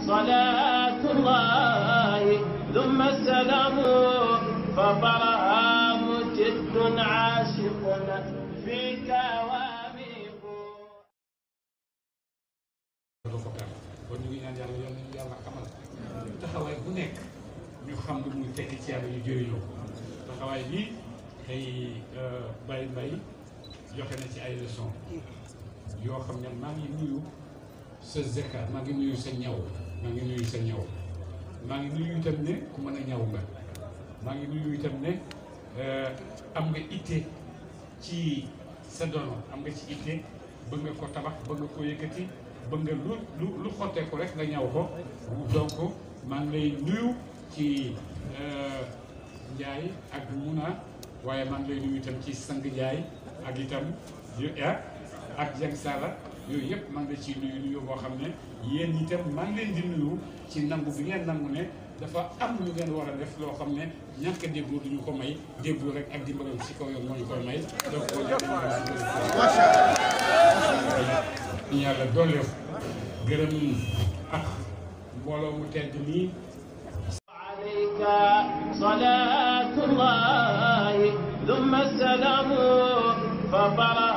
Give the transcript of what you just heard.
صلاة الله ثم السلام فبرهام جد عاشق فيك واميق kon ñu ngi ñaan yàlla yal nañu yàlla xamal taxawaay bu nekk ñu xam lu muy fekk ci yàlla ñu jëriñoo taxawaay bii tey euh, Baye Mbaye joxe na ci ay leçon yoo xam ne maa ngi nuyu sa zekaat maa ngi nuyu sa ñaw maa ngi nuyu sa ñaw maa ngi nuyu itam ne ku mën a ñaw nga maa ngi nuyu itam ne eh, am nga itte ci sa dono am nga ci itte bëgg nga ko tabax bëgg nga ko yëkkati bëgg nga lu lu lu rek nga ñaw ko donc maa ngi lay ci eh, Njaay ak Muna waaye maa ngi lay itam ci sang Njaay ak itam yu eh, ak Jeng yooyu yëpp maa ngi ci ciy nuyu nuyoo boo xam ne yéen itam maa leen di nuyu ci nangu bi ngeen nangu ne dafa am lu ngeen war a def loo xam ne ñàkk a déggoo duñu ko may déggoo rek ak dimbalal si kaw yoon moo ñu koy may donc ñu yàlla gërëm ak mbooloo mu tedd nii صلاة الله ثم السلام فبركاته